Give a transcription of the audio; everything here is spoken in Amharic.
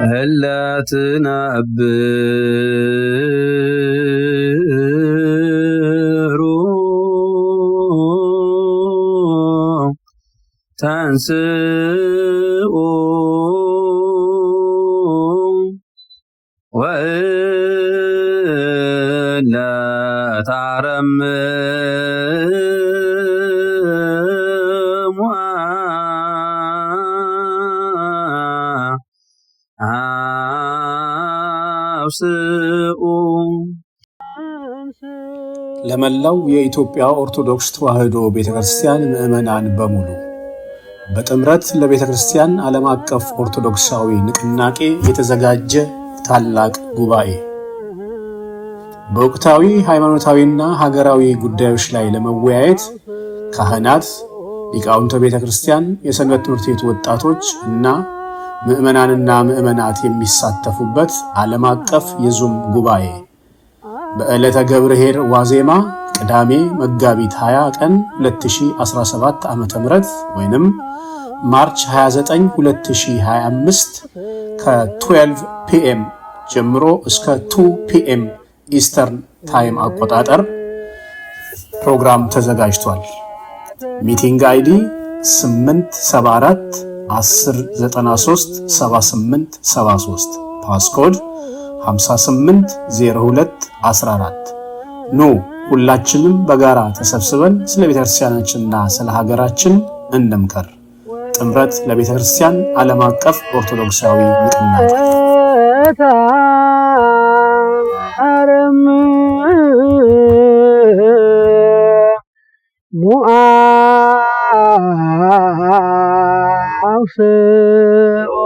هلا تنبرو تنسئوا وإلا تعرموا አብስኡ ለመላው የኢትዮጵያ ኦርቶዶክስ ተዋሕዶ ቤተ ክርስቲያን ምዕመናን በሙሉ በጥምረት ለቤተ ክርስቲያን ዓለም አቀፍ ኦርቶዶክሳዊ ንቅናቄ የተዘጋጀ ታላቅ ጉባኤ በወቅታዊ ሃይማኖታዊና ሀገራዊ ጉዳዮች ላይ ለመወያየት ካህናት፣ ሊቃውንተ ቤተ ክርስቲያን፣ የሰንበት ትምህርት ቤት ወጣቶች እና ምዕመናንና ምዕመናት የሚሳተፉበት ዓለም አቀፍ የዙም ጉባኤ በዕለተ ገብርኄር ዋዜማ ቅዳሜ መጋቢት 20 ቀን 2017 ዓ.ም ወይም ማርች 29 2025 ከ12 ፒኤም ጀምሮ እስከ 2 ፒኤም ኢስተርን ታይም አቆጣጠር ፕሮግራም ተዘጋጅቷል። ሚቲንግ አይዲ 874 1093 78 73 ፓስኮድ 58 02 14 ኑ ሁላችንም በጋራ ተሰብስበን ስለ ቤተክርስቲያናችንና ስለ ሀገራችን እንምከር። ጥምረት ለቤተክርስቲያን ክርስቲያን ዓለም አቀፍ ኦርቶዶክሳዊ ንቅናቄ সে